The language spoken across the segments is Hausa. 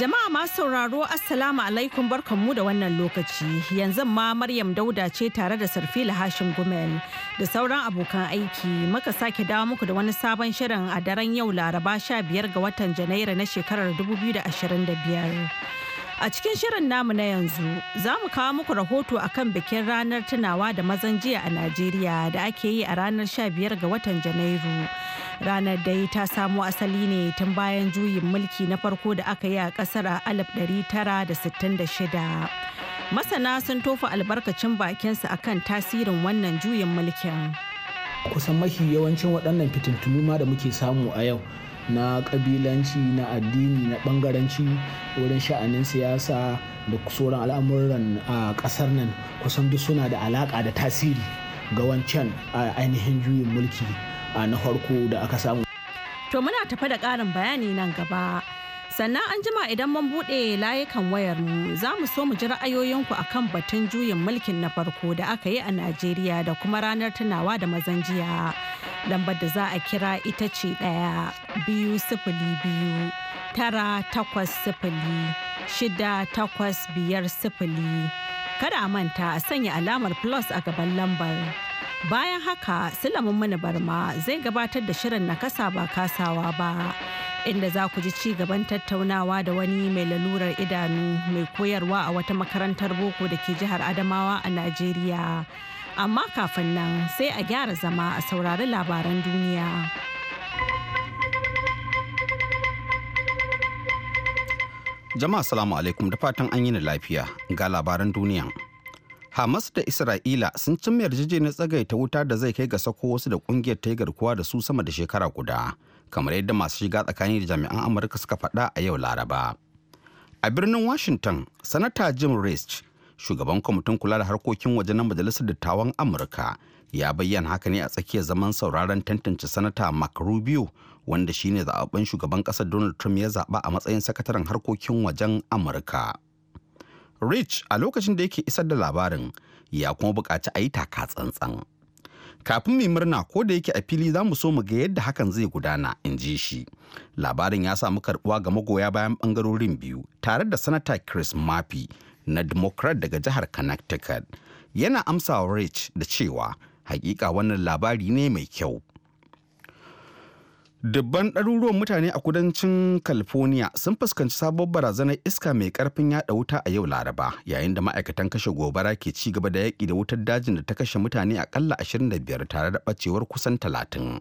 Jama'a masu sauraro Assalamu alaikum barkanmu da wannan lokaci yanzu ma Maryam Dauda ce tare da Sarfila Hashim Gumel da sauran abokan aiki muka sake dawo muku da wani sabon shirin a daren yau Laraba 15 ga watan Janairu na shekarar 2025. A cikin shirin namu na yanzu za mu kawo muku rahoto akan bikin ranar tunawa da mazan jiya a Najeriya da ake yi a ranar 15 ga watan Janairu. Ranar dai ta samo asali ne tun bayan juyin mulki na farko da aka yi a kasar a 1966. Masana sun tofa albarkacin bakinsu kan tasirin wannan juyin mulkin. Kusan mafi yawancin waɗannan fitintunu ma da muke samu a yau na kabilanci na addini na bangaranci wurin sha'anin siyasa da sauran al'amuran a kasar nan kusan duk suna da alaka da tasiri ga wancan ainihin juyin mulki na farko da aka samu to muna tafa da karin bayani nan gaba sannan an jima idan mun buɗe layukan wayar mu za mu so mu ji ra'ayoyinku akan batun juyin mulkin na farko da aka yi a najeriya da kuma ranar tunawa da mazan jiya lambar da za a kira ita ce ɗaya biyu sifili biyu tara takwas sifili shida takwas biyar sifili kada a manta a sanya alamar plus a gaban lambar Bayan haka Sulaiman Mana Barma zai gabatar da shirin na kasa ba kasawa ba inda za ku ji ci gaban tattaunawa da wani mai lalurar idanu mai koyarwa a wata makarantar boko da ke jihar Adamawa a Najeriya. Amma kafin nan sai a gyara zama a saurari labaran duniya. Jama'a salamu alaikum da fatan an yi ni lafiya ga labaran duniya. Hamas da Isra'ila sun cimma yarjejeniyar tsagaita wuta da zai kai ga sako wasu da kungiyar ta yi garkuwa da su sama da shekara guda, kamar yadda masu shiga tsakani da jami'an Amurka suka faɗa a yau Laraba. A birnin Washington, Sanata Jim Rich, shugaban kwamitin kula da harkokin waje na Majalisar Dattawan Amurka, ya bayyana haka ne a tsakiyar zaman sauraron tantance Sanata Mark Rubio, wanda shine zaɓaɓɓen shugaban ƙasar Donald Trump ya zaɓa a matsayin sakataren harkokin wajen Amurka. Rich a lokacin da yake isar da labarin ya kuma buƙaci a yi taka tsantsan. Kafin mai murna ko da yake a fili za mu so mu ga yadda hakan zai gudana in ji shi. Labarin ya samu karɓuwa ga magoya bayan ɓangarorin biyu tare da Sanata Chris Murphy na Democrat daga jihar Connecticut. Yana amsa wa Rich da cewa hakika wannan labari ne mai kyau. dubban ɗaruruwan mutane a kudancin california sun fuskanci sabon barazanar iska mai karfin yaɗa wuta a yau laraba yayin da ma'aikatan kashe gobara ke ci gaba da yaƙi da wutar dajin da ta kashe mutane da 25 tare da ɓacewar kusan 30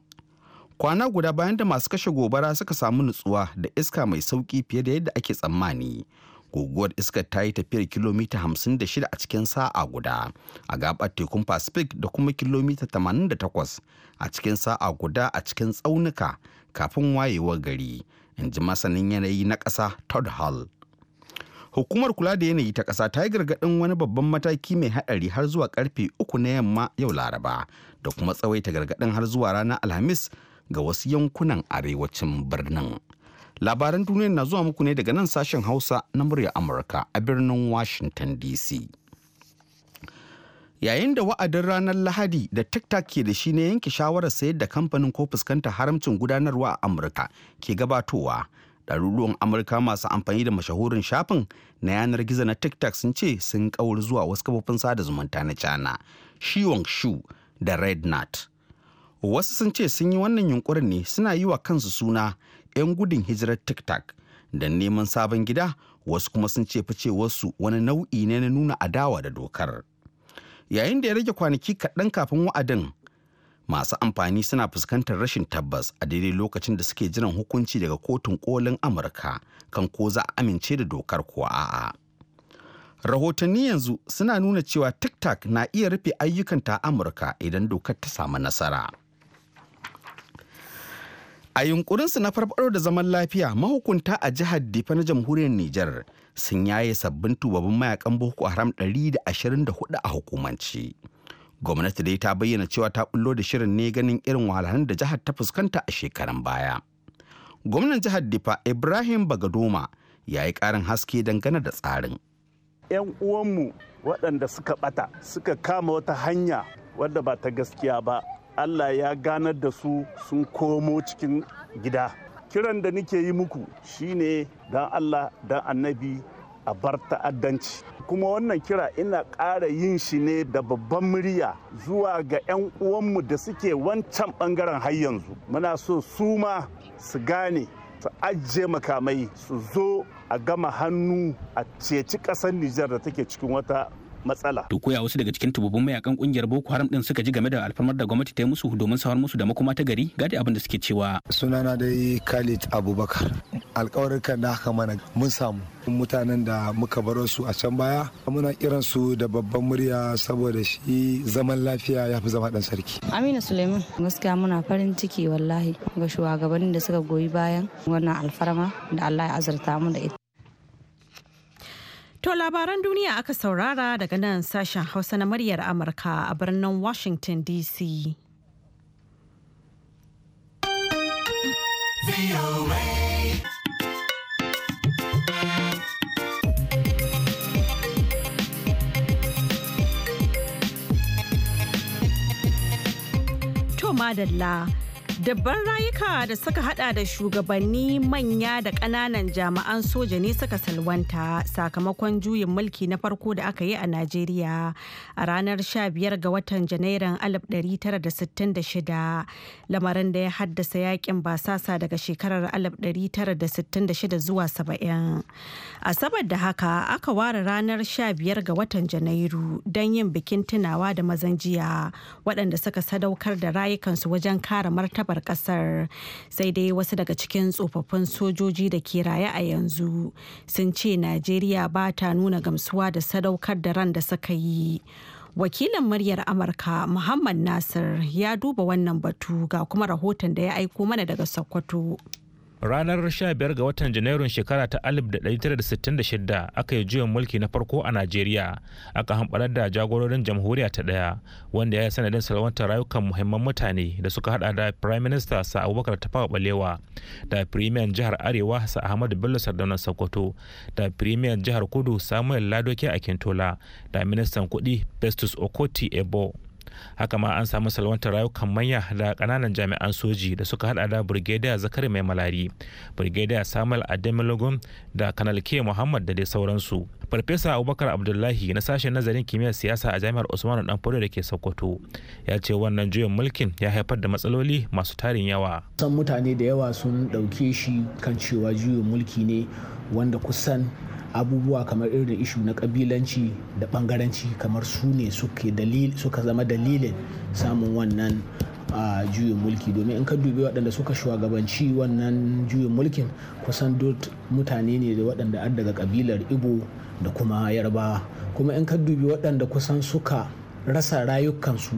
kwana guda bayan da masu kashe gobara suka samu nutsuwa da iska mai sauƙi fiye da yadda ake tsammani guguwar iskar ta yi tafiyar kilomita 56 a cikin sa'a guda a gabar tekun pacific da kuma kilomita 88 a cikin sa'a guda a cikin tsaunuka kafin wayewar gari in ji masanin yanayi na ƙasa todd hall hukumar kula da yanayi ta ƙasa ta yi gargaɗin wani babban mataki mai haɗari har zuwa karfe uku na yamma yau laraba da kuma tsawaita gargaɗin har zuwa ranar alhamis ga wasu yankunan arewacin birnin labaran duniya na zuwa muku ne daga nan sashen hausa na murya amurka a birnin washington dc yayin da wa'adin ranar lahadi da tiktok ke da shi ne yanke shawarar sayar da kamfanin ko fuskanta haramcin gudanarwa a amurka ke gabatowa ɗaruruwan amurka masu amfani da mashahurin shafin na yanar gizo na tiktok sun ce sun kawar zuwa wasu kafofin sada zumunta na china shiwon shu da red nut wasu sun ce sun yi wannan yunkurin ne suna yi wa kansu suna 'yan gudun hijirar tiktok da neman sabon gida wasu kuma sun ce fice wasu wani nau'i ne na nuna adawa da dokar. yayin da ya rage kwanaki kaɗan kafin wa'adin masu amfani suna fuskantar rashin tabbas a daidai lokacin da suke jiran hukunci daga kotun kolin amurka kan ko za a amince da dokar ko a'a rahotanni yanzu suna nuna cewa tiktok na iya rufe ayyukanta a amurka idan dokar ta samu nasara. A yunkurinsu na farfaro da zaman lafiya mahukunta a jihar Difa na jamhuriyar Nijar sun yaye sabbin tubabin mayakan Boko Haram 124 a hukumance. Gwamnati dai ta bayyana cewa ta bullo da shirin ne ganin irin wahalhalun da jihar ta fuskanta a shekaran baya. Gwamnan jihar Difa Ibrahim Bagadoma ya yi ƙarin haske dangane da tsarin. 'Yan uwanmu waɗanda suka ɓata suka kama wata hanya wadda ba ta gaskiya ba Allah ya ganar da su sun komo cikin gida kiran da nake yi muku shine don Allah dan annabi a bar ta'addanci kuma wannan kira ina ƙara yin shi ne da babban murya zuwa ga 'yan uwanmu da suke wancan bangaren har yanzu muna so su ma su gane su ajiye makamai su zo a gama hannu a ceci ƙasar nijar da take cikin wata matsala. To koya wasu daga cikin tububun mayakan kungiyar Boko Haram din suka ji game da alfarmar da gwamnati ta yi musu domin sawar musu da makoma ta gari gadi abin da suke cewa. Sunana dai Khalid Abubakar. kan da aka mana mun samu mutanen da muka baro su a can baya muna kiran su da babban murya saboda shi zaman lafiya ya fi zama dan sarki. Amina Suleiman gaskiya muna farin ciki wallahi ga shugabannin da suka goyi bayan wannan alfarma da Allah ya azurta mu da ita. To labaran duniya aka saurara daga nan sashen Hausa na muryar Amurka a birnin Washington DC. To madalla. Dabban rayuka da suka hada da shugabanni manya da ƙananan jami'an soja ne suka salwanta sakamakon juyin mulki na farko da aka yi a Najeriya a ranar 15 ga watan Janairun 1966 lamarin da ya haddasa yakin basasa daga shekarar 1966 zuwa 70. A da haka aka ware ranar 15 ga watan Janairu don yin bikin tunawa da mazan jiya waɗanda suka sadaukar da rayukansu wajen kare martaba gabar kasar sai dai wasu daga cikin tsofaffin sojoji da ke raye a yanzu sun ce najeriya ba ta nuna gamsuwa da sadaukar da ran da suka yi wakilin muryar amurka muhammad nasir ya duba wannan batu ga kuma rahoton da ya aiko mana daga sokoto. ranar 15 ga watan janairun shekara ta 1966 aka yi juyin mulki na farko a najeriya aka hamɓarar da jagororin jamhuriya ta ɗaya wanda ya yi sanadin salwantar rayukan muhimman mutane da suka hada da prime minister sa abubakar tafawa balewa da premier jihar arewa sa ahmadu bello sardauna sokoto da premier jihar kudu samuel ladoke akintola da ministan kuɗi festus okoti ebo haka ma an samu salwantar rayukan manya da kananan jami'an soji da suka hada da brigadier zakari mai malari brigadier samuel ademilogun da kanal muhammad da dai sauransu farfesa abubakar abdullahi na sashen nazarin kimiyyar siyasa a jami'ar usmanu danfodiyo da ke sokoto ya ce wannan juyin mulkin ya haifar da matsaloli masu tarin yawa san mutane da yawa sun ɗauke shi kan cewa juyin mulki ne wanda kusan abubuwa kamar irin ishu na kabilanci da bangaranci kamar su ne suka zama dalilin samun wannan a juyin mulki domin in ka dubi waɗanda suka shugabanci wannan juyin mulkin kusan duk mutane ne da waɗanda an daga kabilar ibo da kuma yarbawa kuma in ka dubi waɗanda kusan suka rasa rayukansu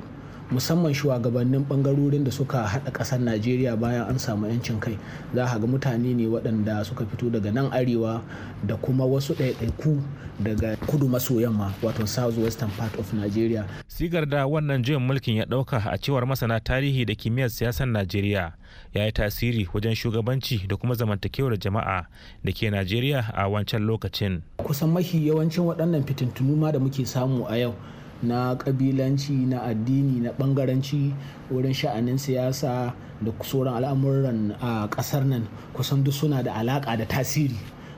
musamman shugabannin bangarorin da suka haɗa ƙasar najeriya bayan an samu 'yancin kai za a ga mutane ne waɗanda suka fito daga nan arewa da kuma wasu ɗaiɗaiku daga kudu maso yamma wato south western part of nigeria sigar da wannan juyin mulkin ya ɗauka a cewar masana tarihi da kimiyyar siyasar najeriya ya yi tasiri wajen shugabanci da kuma zamantakewar jama'a da ke najeriya a wancan lokacin kusan mahi yawancin waɗannan fitintunu ma da muke samu a yau na kabilanci na addini na bangaranci wurin sha'anin siyasa da sauran al'amuran a ƙasar nan kusan duk suna da alaƙa da tasiri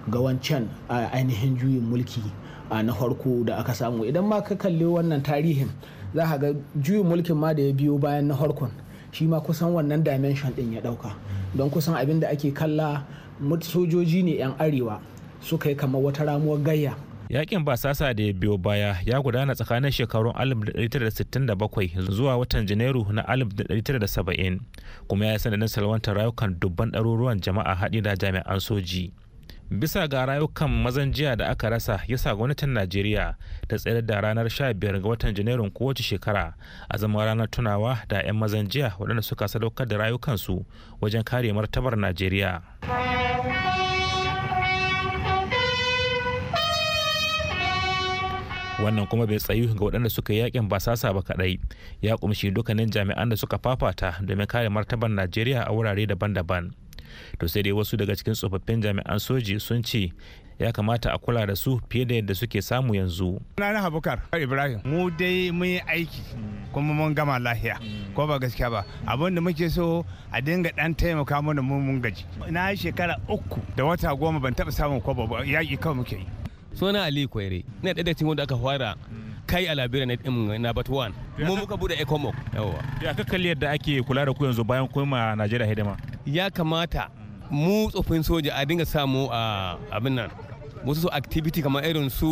ga wancan ainihin juyin mulki na farko da aka samu idan ma ka kalli wannan tarihin za ka ga juyin mulkin ma da ya biyo bayan na farkon shi ma kusan wannan dimension ɗin ya ɗauka don kusan abin da ake kalla sojoji ne 'yan arewa suka yi kamar wata ramuwar gayya yakin ba sasa da ya biyo baya ya gudana tsakanin shekarun 1967 zuwa watan janairu na 1970 kuma ya sanadin salwantar rayukan dubban ɗaruruwan jama'a haɗi da jami'an soji bisa ga rayukan mazan jiya da aka rasa ya sa gwamnatin najeriya ta tsayar da ranar 15 ga watan janairun kowace shekara a zama ranar tunawa da 'yan mazan jiya waɗanda suka sadaukar da rayukansu wajen kare martabar najeriya wannan kuma bai tsayu ga waɗanda suka yi yakin basasa ba kadai ya kumshi dukkanin jami'an da suka fafata domin kare martaban najeriya a wurare daban-daban to sai dai wasu daga cikin tsofaffin jami'an soji sun ce ya kamata a kula da su fiye da yadda suke samu yanzu. na Habukar Ibrahim mu dai mun yi aiki kuma mun gama lahiya ko ba gaskiya ba abin da muke so a dinga dan taimaka mana mun gaji na shekara uku da wata goma ban taba samun kwabo ba yaƙi kawai muke yi. suna ali kwaire na ɗaya da cikin wanda aka fara kai a labira na na batuwan one mu muka bude ecomog yawa ya ka kalli yadda ake kula da ku yanzu bayan kuma najeriya hidima ya kamata mu tsofin soja a dinga samu a abin nan wasu su activity kamar irin su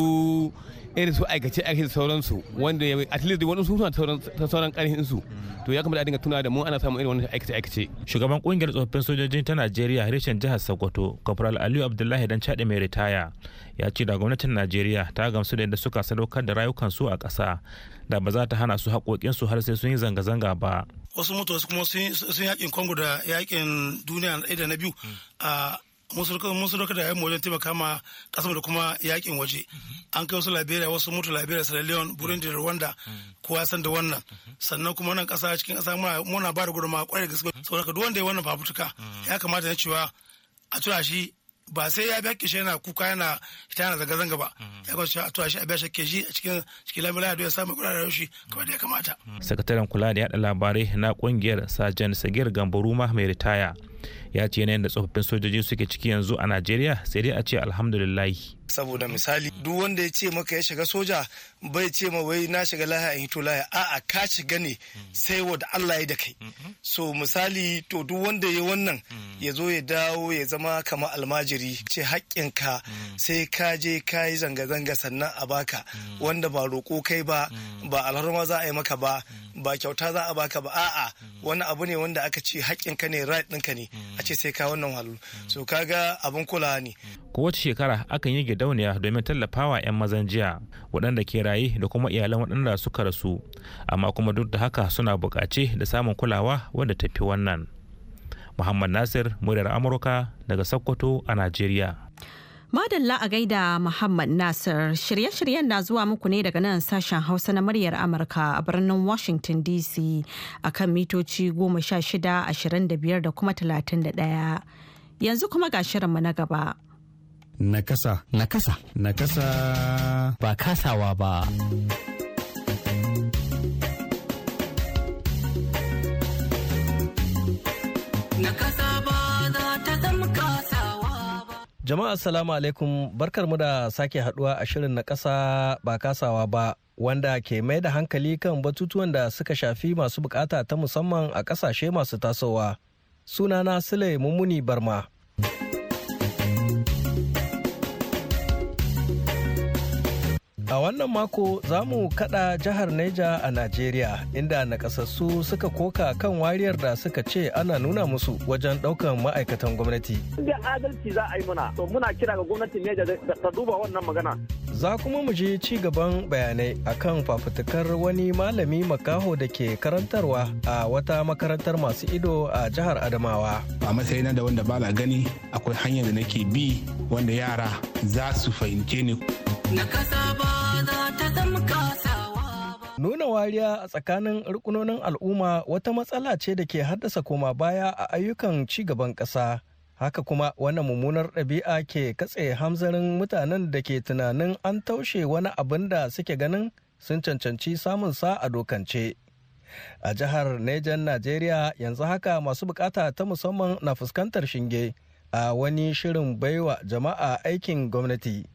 irin su aikace aikace da sauransu wanda ya at least wani su suna ta sauran karhin su to ya kamata a dinga tuna da mu ana samun irin wannan aikace aikace shugaban kungiyar tsofaffin sojojin ta Najeriya Harishan jihar Sokoto Corporal Aliyu Abdullahi dan Chade mai ritaya ya ce da gwamnatin Najeriya ta gamsu da yadda suka sadaukar da rayukan su a ƙasa da ba za ta hana su haƙoƙin su har sai sun yi zanga-zanga ba wasu mutu wasu kuma sun yakin Congo da yakin duniya na biyu hmm. a mun sadaukar da yamma wajen taimaka ma kasar da kuma yakin waje an kai wasu liberia wasu mutu liberia sierra leone burundi da rwanda ya san da wannan sannan kuma wannan kasa cikin kasa muna ba da gudunmawa kwarai da gaske saboda duk wanda ya wannan fafutuka ya kamata na cewa a tura shi ba sai ya biya kishi yana kuka yana fita yana zanga-zanga ba ya kwanci a tura shi a biya shi shi a cikin cikin lamirin ya samu kudin da shi kamar da ya kamata. sakataren kula da yada labarai na kungiyar sajan sagir gambaruma mai ritaya ya ce yanayin da tsofaffin sojoji suke ciki yanzu a najeriya sai dai a ce alhamdulillahi saboda misali duk wanda ya ce maka ya shiga soja bai ce ma wai na shiga lahiya in hito laya, a'a ka shiga ne sai wa da Allah ya da kai mm-hmm. so misali to duk wanda ya wannan mm. ya zo ya dawo ya zama kama almajiri ce haƙƙinka mm. sai ka je ka yi zanga-zanga sannan a baka mm. wanda ba roƙo kai ba ba alharma za a yi maka ba ba kyauta za a baka ba a'a wani abu ne wanda aka ce ka ne right ɗinka ne a ce sai ka wannan halu so kaga abin kulawa ne kowace shekara akan yi Macedonia domin tallafawa 'yan mazan jiya waɗanda ke raye da kuma iyalan waɗanda suka rasu amma kuma duk da haka suna buƙace da samun kulawa wadda tafi wannan muhammad nasir muryar amurka daga sokoto a najeriya Madalla a gaida Muhammad Nasir shirye-shiryen na zuwa muku ne daga nan sashen Hausa na muryar Amurka a birnin Washington DC a kan mitoci 16, 25 da kuma 31. Yanzu kuma ga shirinmu na gaba. Nakasa. Nakasa. Nakasa. Ba kasawa ba. ba ba. za ta zama kasawa Jama'a salamu alaikum mu da sake haduwa a shirin na ƙasa ba kasawa ba wanda ke mai da hankali kan batutuwan da suka shafi masu bukata ta musamman a ƙasashe masu tasowa. Sunana Sule Mummuni Barma. A wannan mako za mu kada jihar Neja a Najeriya inda nakasassu suka koka kan wariyar da suka ce ana nuna musu wajen daukan ma'aikatan gwamnati. Inda adalci za a yi muna, to muna kira ga gwamnatin Neja ta duba wannan magana. Za kuma mu je ci gaban bayanai akan fafutukar wani malami makaho da ke karantarwa a wata makarantar masu ido a jihar Adamawa. A matsayin da wanda ba la gani akwai hanyar da nake bi wanda yara za su fahimce ni. Na kasa ba Nuna wariya a tsakanin rukunonin al'umma wata matsala ce da ke haddasa koma baya a ayyukan ci gaban ƙasa. Haka kuma wani mummunar ɗabi'a ke katse hamzarin mutanen da ke tunanin an taushe wani abin da suke ganin sun cancanci samun sa a dokance. A jihar Nejan Najeriya yanzu haka masu bukata ta musamman na fuskantar shinge a wani shirin baiwa jama'a aikin gwamnati.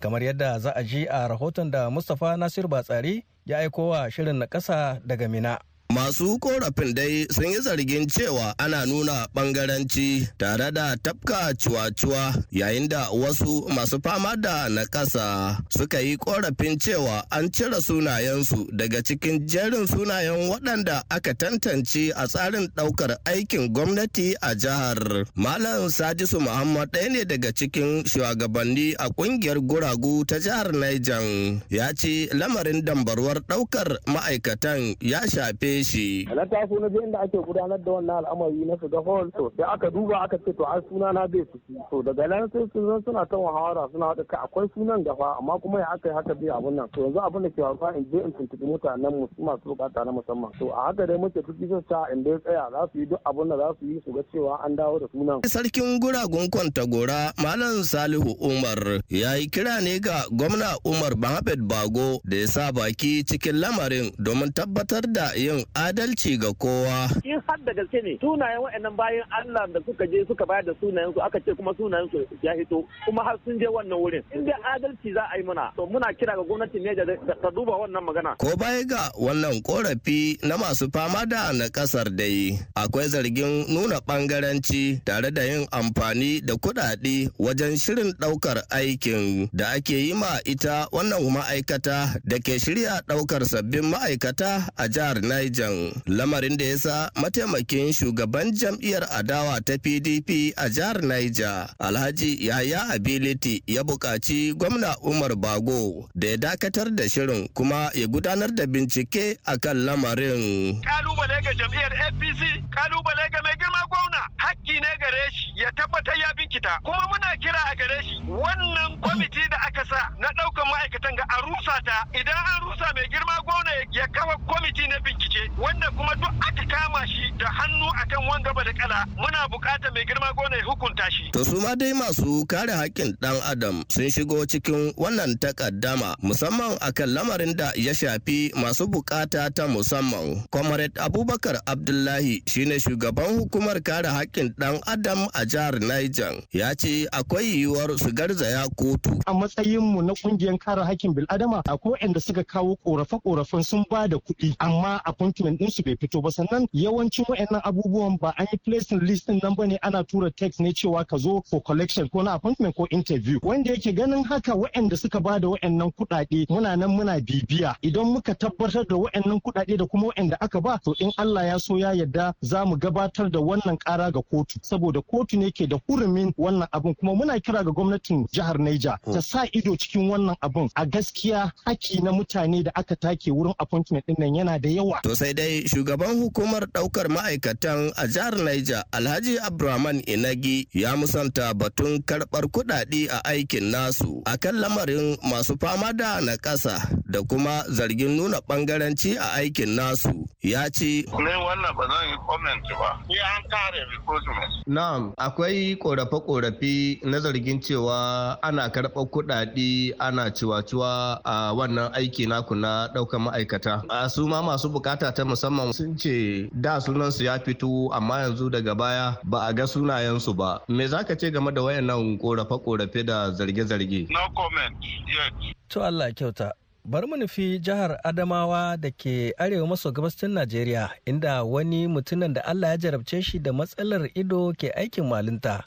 kamar yadda za a ji a rahoton da mustapha nasiru batsari ya aiko wa shirin na daga mina Masu korafin dai sun yi zargin cewa ana nuna bangaranci tare da tafka cuwa-cuwa yayin da wasu masu fama da nakasa suka yi korafin cewa an cire sunayensu daga cikin jerin sunayen waɗanda aka tantance a tsarin ɗaukar aikin gwamnati a jihar. Malam Sadisu Muhammad ɗaya ne daga cikin shugabanni a ƙungiyar guragu ta jihar Niger ya ce lamarin dambarwar ɗaukar ma'aikatan ya shafe shi. Na taso na je inda ake gudanar da wannan al'amari na shiga hall to sai aka duba aka ce to an suna na bai ciki. To daga nan sai sun zan suna ta muhawara suna haɗa kai akwai sunan gafa amma kuma ya aka yi haka bai abun nan. To yanzu abin da ke faruwa in je in tuntuɓi mutanen mu masu bukata na musamman. To a haka dai muke tuki sa in dai tsaya za su yi duk abin da za su yi su ga cewa an dawo da sunan. Sarkin guragun Kwantagora Malam Salihu Umar ya yi kira ne ga gwamna Umar bahmed Bago da ya sa baki cikin lamarin domin tabbatar da yin adalci ga kowa. In har da gaske ne sunayen waɗannan bayan Allah da suka je suka bayar da sunayensu aka ce kuma sunayensu ya hito kuma har sun je wannan wurin. In dai adalci za a yi mana to muna kira ga gwamnati ne da ta duba wannan magana. Ko baya ga wannan korafi na masu fama da na kasar dai akwai zargin nuna bangaranci tare da yin amfani da kuɗaɗe wajen shirin ɗaukar aikin da ake yi ma ita wannan ma'aikata da ke shirya ɗaukar sabbin ma'aikata a jihar Niger. Nijan. Lamarin da ya sa mataimakin shugaban jam'iyyar adawa ta PDP a jihar Niger, Alhaji Yahaya Ability ya buƙaci gwamna Umar Bago da ya dakatar da shirin kuma ya gudanar da bincike a kan lamarin. Kalubale ga jam'iyyar APC, kalubale ga mai girma gwamna, hakki ne gare shi ya tabbatar ya binkita. Kuma muna kira a gare shi wannan kwamiti da aka sa na ɗaukan ma'aikatan ga a rusa ta idan an rusa mai girma gwamna ya kawo kwamiti na bincike wanda kuma duk aka kama shi da hannu akan wanga ba da kala muna bukata mai girma gona ya hukunta shi. To su ma dai masu kare haƙƙin ɗan adam sun shigo cikin wannan takaddama musamman a kan lamarin da ya shafi masu bukata ta musamman. Comrade Abubakar Abdullahi shine shugaban hukumar kare haƙƙin ɗan adam a jihar Niger ya ce akwai yiwuwar su garzaya kotu. A matsayinmu na ƙungiyar kare haƙƙin bil'adama akwai waɗanda suka kawo ƙorafe-ƙorafen sun ba da kuɗi amma a din su bai fito ba sannan yawancin wa'annan abubuwan ba an yi placing list din nan ne ana tura text ne cewa ka zo for collection ko na appointment ko interview wanda yake ganin haka wa'anda suka ba da wa'annan kuɗaɗe muna nan muna bibiya idan muka tabbatar da wa'annan kuɗaɗe da kuma wa'anda aka ba to in Allah ya so ya yarda za mu gabatar da wannan kara ga kotu saboda kotu ne ke da hurumin wannan abin kuma muna kira ga gwamnatin jihar Niger ta sa ido cikin wannan abun a gaskiya haki na mutane da aka take wurin appointment din nan yana da yawa. sai dai shugaban hukumar ɗaukar ma'aikatan a jihar Niger Alhaji Abdulrahman Inagi ya musanta batun karɓar kuɗaɗe a aikin nasu akan lamarin masu fama da na ƙasa da kuma zargin nuna bangaranci a aikin nasu ya ce. Ne wannan ba zan yi comment ba. Ni an kare recruitment. Na'am akwai korafe-korafe na zargin cewa ana karɓar kuɗaɗe ana ciwa-ciwa a wannan aiki naku na ɗaukar ma'aikata. A su ma masu bukata ta musamman sun ce da sunansu ya fito amma yanzu daga baya ba a ga sunayensu ba me za ka ce game da wayannan korafe-korafe da zarge-zarge no comment yet to Allah kyauta bari mu nufi jihar adamawa da ke arewa maso gabashin najeriya inda wani mutumin da allah ya jarabce shi da matsalar ido ke aikin malinta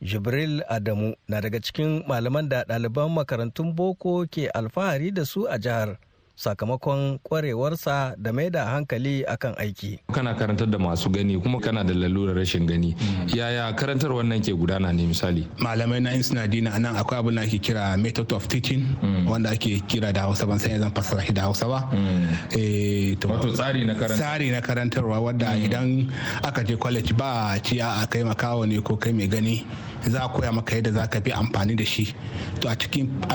jibril adamu na daga cikin malaman da ɗaliban makarantun boko ke alfahari da su a jihar sakamakon kwarewarsa da mai da hankali akan aiki. Kana karantar da masu gani kuma kana da lalurar rashin gani. Mm. Yaya karantar wannan ke gudana ne misali? Malamai na yin sinadina nan akwai abin da ake kira method of teaching mm. wanda ake kira da Hausa ban sanya zan fassara shi da Hausa ba. Mm. Eh, Wato tsari na karantarwa. Tsari na karantarwa wanda idan aka je college ba ci a kai makawo ne ko kai mai gani za a koya maka yadda za ka bi amfani da shi. To a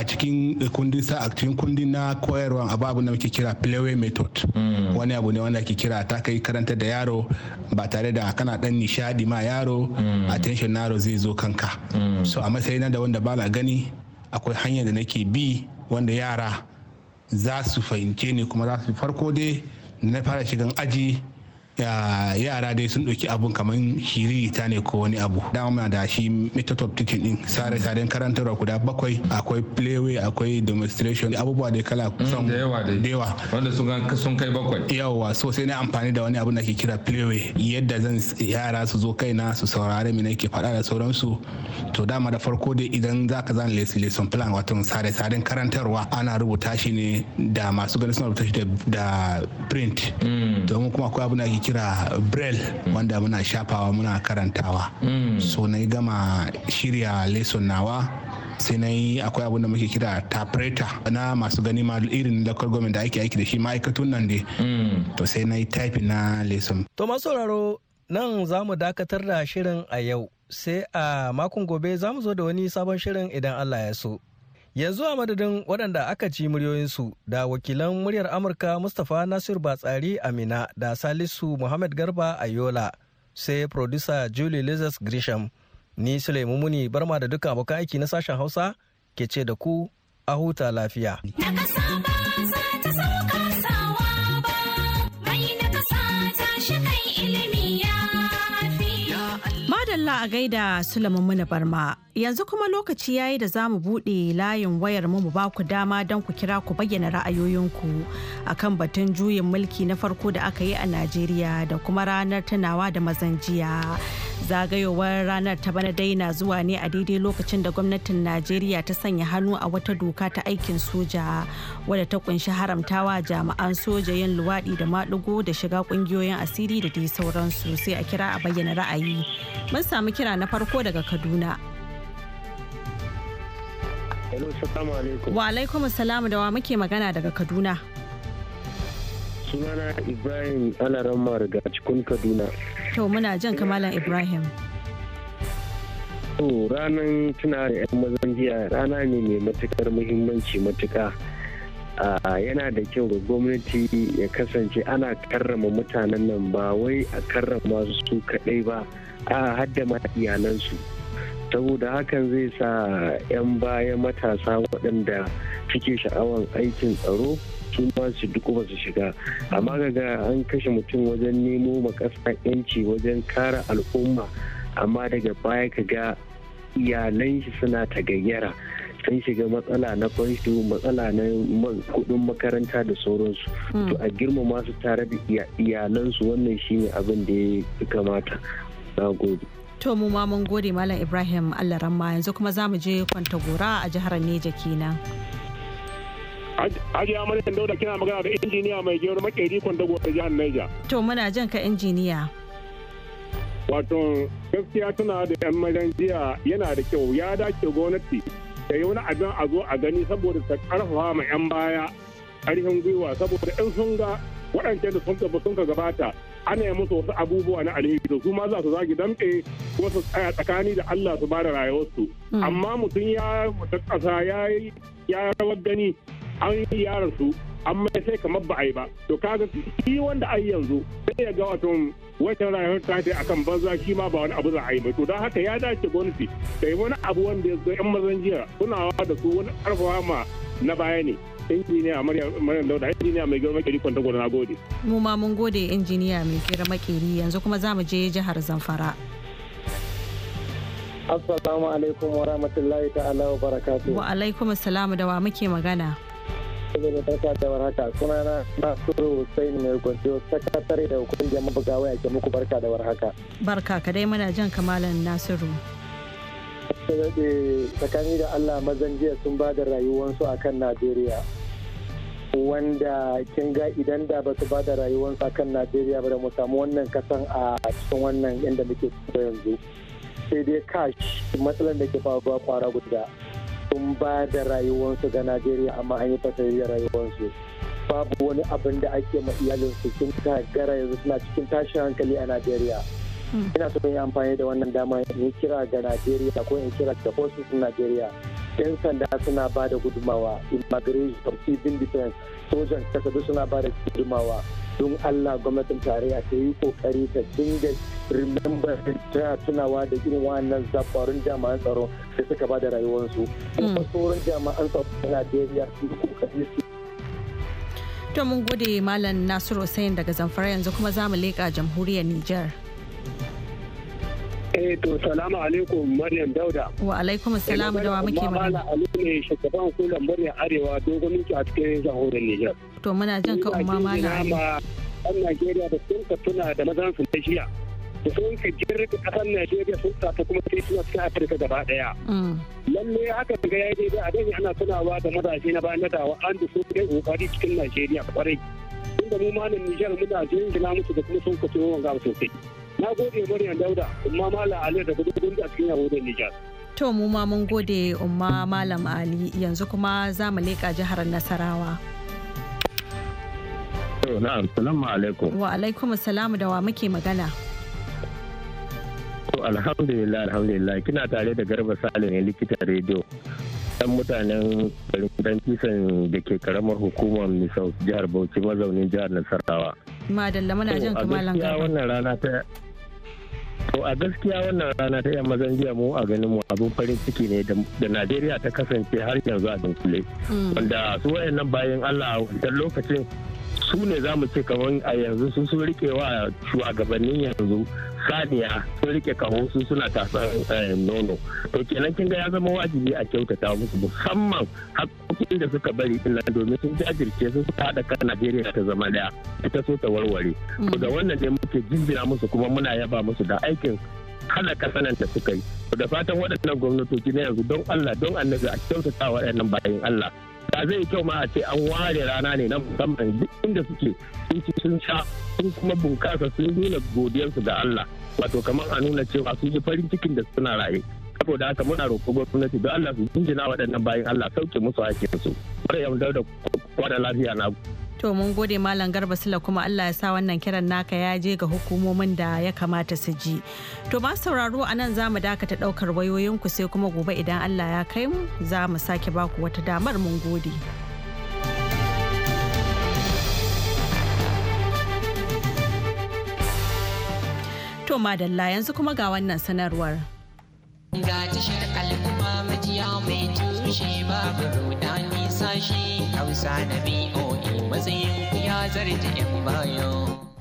cikin kundin sa a cikin kundin na koyarwa a abun da muke kira playway method mm. wani abu ne wanda ake kira ta kai karanta da yaro ba tare da kana dan nishadi ma yaro mm. attention naro zai zo kanka mm. so a matsayin da wanda la gani akwai hanyar da nake bi wanda yara za su fahimce ni kuma za su farko dai da na fara shigan aji yara dai sun ɗauki abun kamar ta ne ko wani abu dama da shi method of teaching din sare sare karantarwa guda bakwai akwai playway akwai demonstration abubuwa da kala mm, kusan da yawa da yawa wanda sun kai bakwai yawa so sai na amfani da wani abu da ke kira playway yadda zan yara su zo kaina su saurare me nake faɗa da sauransu to dama da farko dai idan zaka zan lesson plan wato sare sare karantarwa ana rubuta shi ne da masu ganin suna rubuta shi da print mm. domin kuma akwai abu da ke kira braille wanda muna shafawa muna karantawa mm. so na gama shirya lesson nawa sai na yi akwai abin da muke kira tapreta na masu gani ma irin local government da ake aiki da shi ma'aikatun nan dai mm. to sai na yi taifin na lesson to masu sauraro nan za mu dakatar da shirin a yau sai a makon gobe za mu zo da wani sabon shirin idan allah ya so yanzu a madadin waɗanda aka ci muryoyinsu da wakilan muryar amurka mustapha nasir batsari amina da salisu muhammad garba ayola sai producer julie lizas grisham ni sulaimu muni barma da duka abokan aiki na sashen hausa ke ce da ku a huta lafiya. Allah a gaida Sulaiman Muna Barma. Yanzu kuma lokaci yayi da za mu buɗe layin wayar mu mu ba ku dama don ku kira ku bayyana ra'ayoyinku akan batun juyin mulki na farko da aka yi a Najeriya da kuma ranar tunawa da mazan jiya. zagayowar ranar ta bana dai na zuwa ne a daidai lokacin da gwamnatin najeriya ta sanya hannu a wata doka ta aikin soja wadda ta kunshi haramtawa jami'an soja yin luwaɗi da maɗigo da shiga ƙungiyoyin asiri da dai sauransu sai a kira a bayyana ra'ayi mun samu kira na farko daga kaduna wa alaikum salam da wa muke magana daga kaduna sunana ibrahim alaramma daga cikin kaduna to muna jan kamalan ibrahim to ranar tuna da 'yan mazan jiya rana ne mai matukar muhimmanci matuka yana da kyau ga gwamnati ya kasance ana karrama mutanen nan ba wai a karrama su kadai ba a hadda ma iyalansu saboda hakan zai sa 'yan baya matasa waɗanda suke sha'awan aikin tsaro su ma su ba su shiga amma kaga an kashe mutum wajen nemo ma yanci wajen kara al'umma amma daga baya ka ga iyalan shi suna ta gayyara sun shiga matsala na fansho matsala na kudin makaranta da sauransu to a girmama su tare da iyalansu wannan shine abin da ya kamata na gode to mu ma mun gode malam ibrahim allah ramma yanzu kuma za mu je kwanta gora a jihar neja kenan. Hajiya Maryam Dauda kina magana da injiniya mai gero makeri kwandago da jihar Niger. To muna jan ka injiniya. Wato gaskiya tana da yan maran jiya yana da kyau ya dace gwamnati da yi wani abin a zo a gani saboda ta karfafa ma yan baya ƙarfin gwiwa saboda in sun ga waɗancan da sun ka gabata ana yi musu wasu abubuwa na alheri da su ma za su zagi damɗe kuma su tsaya tsakani da Allah su bada da rayuwarsu mm. amma mutum ya ƙasa ya yi ya rawar gani an yi yaran su an mai sai kamar ba a yi ba to kaga shi wanda an yanzu sai ya ga wato wata rayuwar ta ta akan banza shi ma ba wani abu za a yi ba to don haka ya dace gwamnati da wani abu wanda ya zo yan mazan jiya wa da su wani karfawa ma na baya ne injiniya maryam dauda injiniya mai girma kiri kwanta gwada na gode. mu ma mun gode injiniya mai girma makeri yanzu kuma za mu je jihar zamfara. assalamu alaikum wa rahmatullahi ta'ala wa barakatuhu. wa alaikum assalamu da wa muke magana. saboda barka da warhaka sunana Nasiru Hussein mai kwanciyo sakatare da kungiyar mabuga ke muku barka da haka. Barka ka dai muna jan kamalan Nasiru. Tsakani da Allah mazan jiya sun ba da rayuwansu a kan Najeriya. Wanda kin ga idan da ba su ba da rayuwansu a kan Najeriya ba da mu samu wannan kasan a cikin wannan inda muke yanzu. Sai dai kash matsalar da ke faruwa kwara guda. sun ba da rayuwarsu ga najeriya amma an yi fasari da rayuwarsu babu wani abin da ake ma iyalinsu sun gara yanzu suna cikin tashin hankali a najeriya hmm. ina so yi amfani da wannan dama in kira ga najeriya ko in kira ga forces najeriya yan sanda suna ba da gudumawa immigration civil defense sojan kasa suna ba da gudumawa don allah gwamnatin tarayya ta yi kokari ta dinga remember ta tunawa da irin wannan zafarin jami'an tsaro da suka ba da rayuwarsu hmm. kuma sauran jami'an tsaro na najeriya su kokari su Tomin mun gode malam nasiru hussein daga zamfara yanzu kuma za mu leƙa jamhuriyar nijar. Eh to salamu alaikum Maryam Dauda. Wa alaikum salamu da wa muke magana. Mala Ali ne shugaban kulan Maryam Arewa dogon miki a cikin jahohin Niger. To muna jan ka umma Mala Ali. Ɗan nigeria da sun ka tuna da mazan su na jiya. Da sun ka jirgin kasan nigeria sun ta kuma sai suna cikin Afirka gaba ɗaya. Mm. Lalle haka daga yayi daidai a dai ana tunawa da mazaje na bayan wa an da sun kai kokari cikin nigeria kwarai. Tunda mu ma nan Niger muna jina musu da kuma sun ka tuno wanga sosai. na gode Maryam Dauda umma Malam Ali da gudu a cikin Yahudan Nijar. To mu ma mun gode umma Malam Ali yanzu kuma za mu leƙa jihar Nasarawa. Na'am, salamu alaikum. Wa alaikum salamu da wa muke magana. To alhamdulillah alhamdulillah kina tare da Garba Salim ne likita rediyo. Dan mutanen garin dan kisan da ke karamar hukumar Misau jihar Bauchi mazaunin jihar Nasarawa. Madalla muna jin kamalan Garba. wannan rana ta To a gaskiya wannan rana ta yamma jiya mu a ganin mu abin farin ciki ne da Najeriya ta kasance har yanzu a dunkule. Hmm. Wanda su wayannan bayan Allah a wancan lokacin su ne za mu ce kamar a yanzu sun sun rike wa shugabannin yanzu saniya sun rike kaho su suna tasar eh, nono to kenan kin ga ya zama wajibi a kyautata musu musamman hakokin da suka bari din domin sun jajirce sun suka haɗa kan Najeriya ta zama daya ita so ta warware to da wannan ne muke jinjina musu kuma muna yaba musu da aikin hana kasanan da suka yi da fatan waɗannan gwamnatoci na yanzu don Allah don annabi a kyautata waɗannan bayan Allah da zai kyau ma a ce an ware rana ne na musamman duk inda suke sun ci sun sha sun kuma bunkasa sun nuna godiyarsu ga Allah wato kamar a nuna cewa sun yi farin cikin da suna raye saboda haka muna roƙo gwamnati don Allah su jinjina waɗannan bayan Allah sauke musu hakkin su. Maryam da kwada lafiya na To mun gode Malam Garba Sule kuma Allah ya sa wannan kiran naka ya je ga hukumomin da ya kamata su ji. To ma sauraro a nan za mu dakata ɗaukar wayoyinku sai kuma gobe idan Allah ya kai mu za mu sake baku wata damar mun gode. To madalla yanzu kuma ga wannan sanarwar. ga tashar al'umma majiya mai tushe babu rudani shi. hausa na boa matsayin ya zarta yan bayo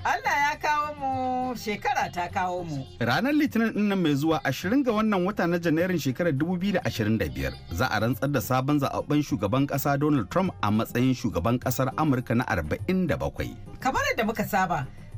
Allah ya kawo mu shekara ta kawo mu. Ranar Litinin dinnan mai zuwa 20 ga wannan wata na Janairun shekarar 2025 za a rantsar da sabon zaɓen shugaban ƙasa Donald Trump a matsayin shugaban ƙasar Amurka na 47. Kamar da muka saba,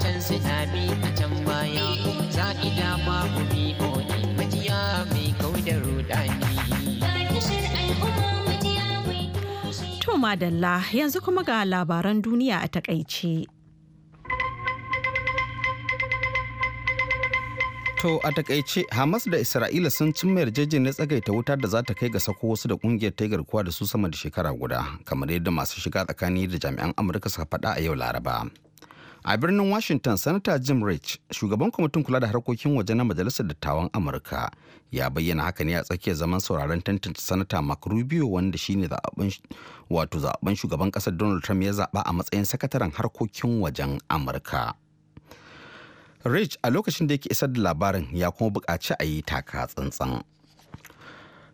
can su tabi a can baya za'ida babu bi'oni majiya mai kau da rudani To madalla yanzu kuma ga labaran duniya a takaice. To a takaice Hamas da Isra'ila sun cimma yarjejeniyar tsagaita wuta da za ta kai ga sako wasu da kungiyar ta garkuwa da su sama da shekara guda kamar yadda masu shiga tsakani da jami'an Amurka suka faɗa a yau Laraba. a birnin washington sanata jim rich shugaban kwamitin kula da harkokin waje na majalisar dattawan amurka ya bayyana haka ne a tsakiyar zaman sauraron tantance sanata mark rubio wanda shine zaben wato zaben shugaban kasar donald trump ya zaba a matsayin sakataren harkokin wajen amurka rich a lokacin da yake isar da labarin ya kuma buƙaci a yi taka tsantsan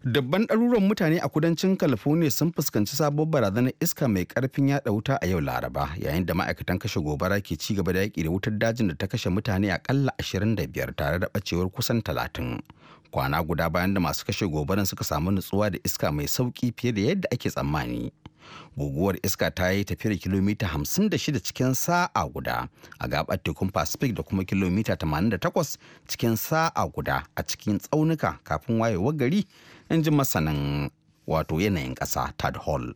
Dabban ɗaruran mutane a kudancin California sun fuskanci sabon barazanar iska mai karfin yaɗa wuta a yau Laraba yayin da ma'aikatan kashe gobara ke ci gaba da yaƙi da wutar dajin da ta kashe mutane akalla 25 tare da ɓacewar kusan 30. Kwana guda bayan da masu kashe gobaran suka samu nutsuwa da iska mai sauƙi fiye da yadda ake tsammani. Guguwar iska ta yi tafiyar kilomita 56 cikin sa'a guda a gabar tekun Pacific da kuma kilomita 88 cikin sa'a guda a cikin tsaunuka kafin wayewar gari in ji masanin wato yanayin ƙasa Tad Hall.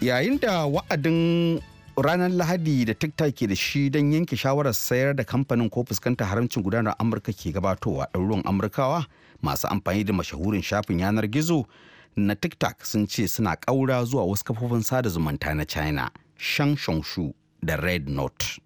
Yayin da wa'adin ranar Lahadi da TikTok ke da shi don yanke shawarar sayar da kamfanin ko fuskanta haramcin gudanar Amurka ke gabatowa ruwan Amurkawa masu amfani da mashahurin shafin yanar gizo na TikTok sun ce suna ƙaura zuwa wasu kafofin sada zumunta na China, Shang shu da Red Note.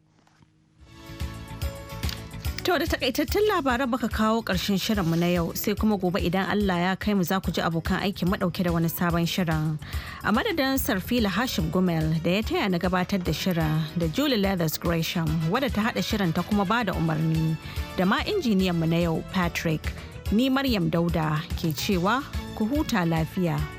To da takaitattun labaran baka kawo karshen shirinmu na yau sai kuma gobe idan Allah ya kai mu za ku ji abokan aikin madauke da wani sabon shirin. A madadin Sarfila Hashim Gumel da ya taya na gabatar da shirin da Julie Leathers Gresham wadda ta haɗa shirin ta kuma ba da umarni da ma injiniyanmu na yau Patrick. Ni Maryam Dauda ke cewa ku huta lafiya.